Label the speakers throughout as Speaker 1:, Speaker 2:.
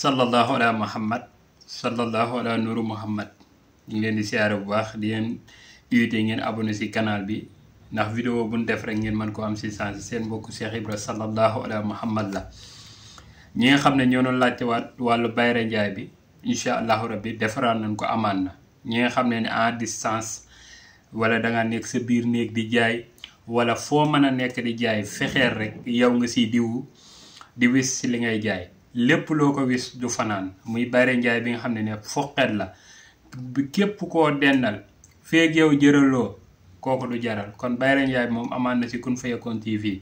Speaker 1: sallallahu ala muhammad sallallahu ala nuru muhammad ñu leen di siyaare bu baax di leen invité ngeen abonné si kanaal bi ndax vidéo bu ñu def rek ngeen mën koo am si sens seen mbokku Cheikh Ibra sallallahu ala muhammad la ñi nga xam ne ñoo doon laajte waat wàllu bayre njaay bi incha allahu rabbi defaraan nañ ko amaan na ñi nga xam ne ne à distance wala danga nekk sa biir néeg di jaay wala foo mën a nekk di jaay fexeer rek yow nga siy diwu di wis ci li ngay jaay lépp loo ko wis du fanaan muy bare njaay bi nga xam ne ne foqet la képp koo dendal feeg yow jëraloo kooku du jaral kon Bayre Ndiaye moom amaan na si Kun Fayakoun TV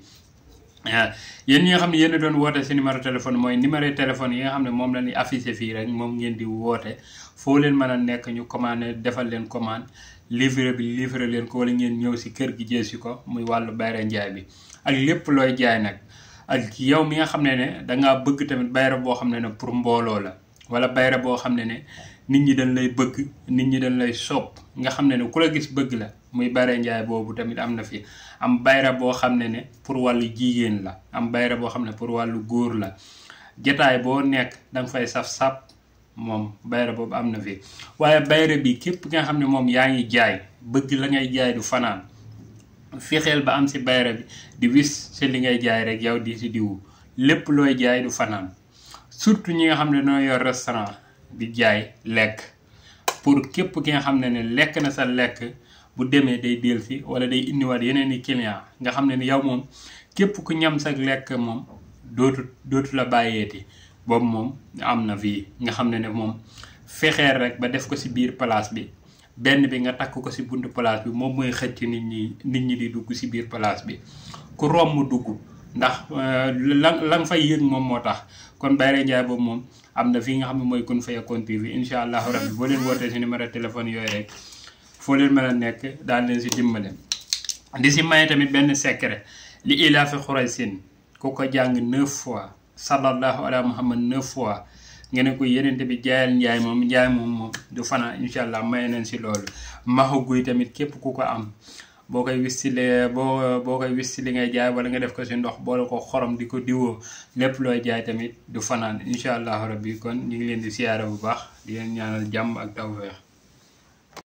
Speaker 1: waaw ah, yéen ñi nga xam ne yéen doon woote si numéro téléphone mooy numéro téléphone yi xam ne moom la ñuy affiché fii rek moom ngeen di woote foo leen mën a nekk ñu commandé defal leen commande livré bi livré leen ko wala ngeen ñëw si kër gi jël si ko muy wàllu Bayre Ndiaye bi ak lépp looy jaay nag. ak yow mi nga xam ne ne danga bëgg tamit bayra boo xam ne ne pour mbooloo la wala bayra boo xam ne ne nit ñi dañ lay bëgg nit ñi dañ lay sopp nga xam ne ne ku la gis bëgg la muy bare njaay boobu tamit am na fi am bayra boo xam ne ne pour wàllu jigéen la am bayra boo xam ne pour wàllu góor la jataay boo nekk danga fay saf-sàpp moom bayra boobu am na fi waaye bayra bi képp nga xam ne moom yaa ngi jaay bëgg la ngay jaay du fanaan fexeel ba am si bayra bi di wis si li ngay jaay rek yow di si diwu lépp looy jaay du fanaan surtout ñi nga xam ne noo yor restaurant di jaay lekk pour képp ki nga xam ne ne lekk na sa lekk bu demee day delsi wala day indiwaat yeneen i client nga xam ne ni yow moom képp ku ñam sa lekk moom dootu dootu la bàyyeeti boobu moom am na fii nga xam ne ne moom fexeel rek ba def ko si biir place bi benn bi nga takk ko si buntu place bi moom mooy xëcc nit ñi nit ñi di dugg si biir place bi ku romb dugg ndax euh, la la nga fay yëg moom moo tax kon Bayré Ndiaye boobu moom am na fii nga xam ne mooy Kun Fayakoun TV incha allahu rabbi boo leen wootee ci numéro téléphone yooyu rek foo leen mën nekk daal leen ci dimbale di ci maye tamit benn secret li ilaa fi Xuraysin ku jàng neuf fois sallallahu ala muhammad neuf fois nga ne ko yenente bi jaayal njaay moom njaay moom moom du fanaa incha allah may nañ si loolu maxu guy tamit képp ku ko am boo koy wis si le boo boo koy wis si li ngay jaay wala nga def ko si ndox boole ko xorom di ko diwoo lépp looy jaay tamit du fanaan incha allah rabbi kon ñu ngi leen di siyaare bu baax di leen ñaanal jàmm ak tawfeex